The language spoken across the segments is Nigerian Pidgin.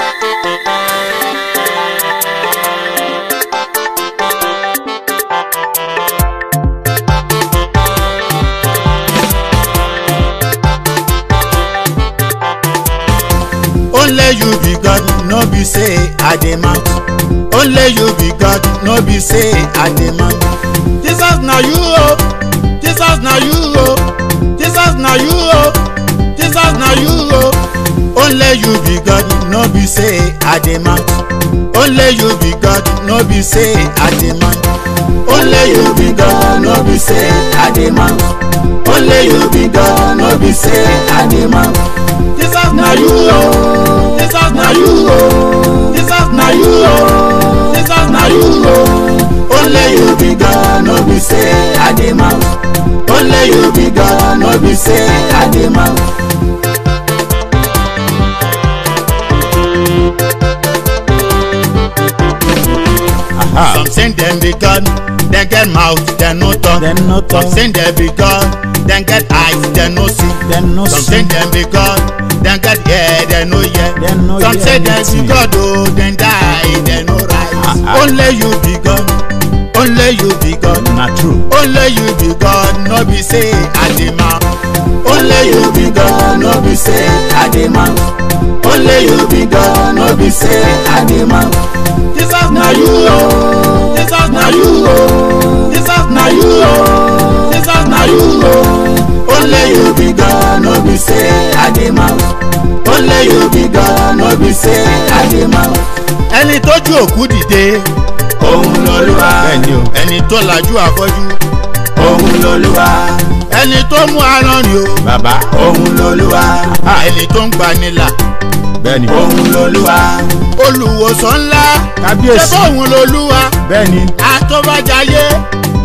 Only you be God, no be say I demand. Only you be God, no be say I demand. Jesus na you oh, Jesus na you oh, Jesus na you oh, Jesus na you oh. Only you be God, no be say i dey man only you be god no be say i dey man only you be god no be say i dey man only you be god no be say i dey man jesus na you o oh. jesus na you o oh. jesus na you o oh. jesus na you o only you be god no be say i dey man only you be god no be say i dey man. ah. some say dem be god dem get mouth dem no talk dem no talk some say dem be god dem get eyes dem no see dem no some see some say dem be god dem get ear dem no hear dem no some hear say dem be god o oh, dem die dem no rise ah, ah. only you be god only you be god na true only you be god no be say i only you be god no be say i only you be god no be say i dey mouth jesus na you o. say I dey mouth. Only you be God, no be say I dey mouth. Ẹni tójú òkú dìde. Òun lolúwa. Bẹ́ẹ̀ni o. Ẹni tó lajú afọ́jú. Òun lolúwa. Ẹni tó mú aràn rìn o. Bàbá. Òun lolúwa. Ah, ẹni tó ń gbanilà bẹ́ẹ̀ni. òun lolúwa. olùwòsàn ńlá. kábíyèsí ṣé bóun lolúwa. bẹ́ẹ̀ni. àtọ́bàjáyé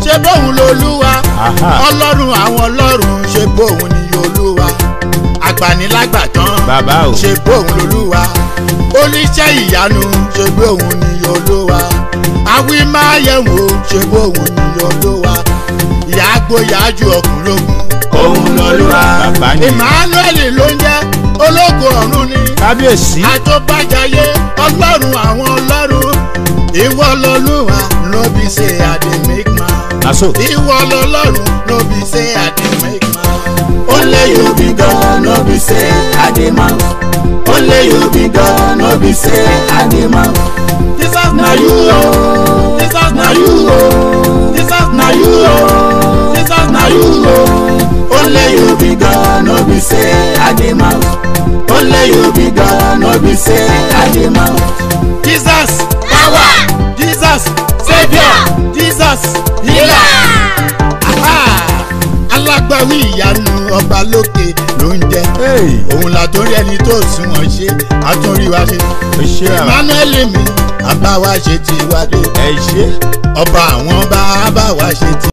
ṣé bóun lolúwa. ọlọ́run àwọn ọlọ́run ṣé bóun ni agbanilágbàtàn ṣe bó òun lolúwa oníṣẹ́ ìyanu ṣe bó òun ni olúwa awí máa yẹ̀wò ṣe bó òun ni olúwa ìyá ọkùnrin ogun òun lolúwa emmanuel ló ń jẹ́ ológun ọ̀run ni kábíyèsí àtọ́bàjáyé ọlọ́run àwọn ọlọ́run ìwọ lolúwa ló bí ṣe àdìmíkmá ìwọ lọlọ́run ló bí ṣe àdìmíkmá only you be God, no be say animal. Only you be God, no be say animal. demand. This is not you, oh. This is not you, oh. This is not you, oh. This is not you, oh. Only you be God, no be say animal. Only you be God, no be say I demand. Jesus, power. Jesus, Savior. Jesus. ìyanu ọba lókè ló ń jẹ òun là tó rí ẹni tó sùn wọn ṣe àtúnrí wa ṣe Emmanuel mi àbá wa ṣe tiwa dé ọba àwọn bá bá wa ṣe tiwa.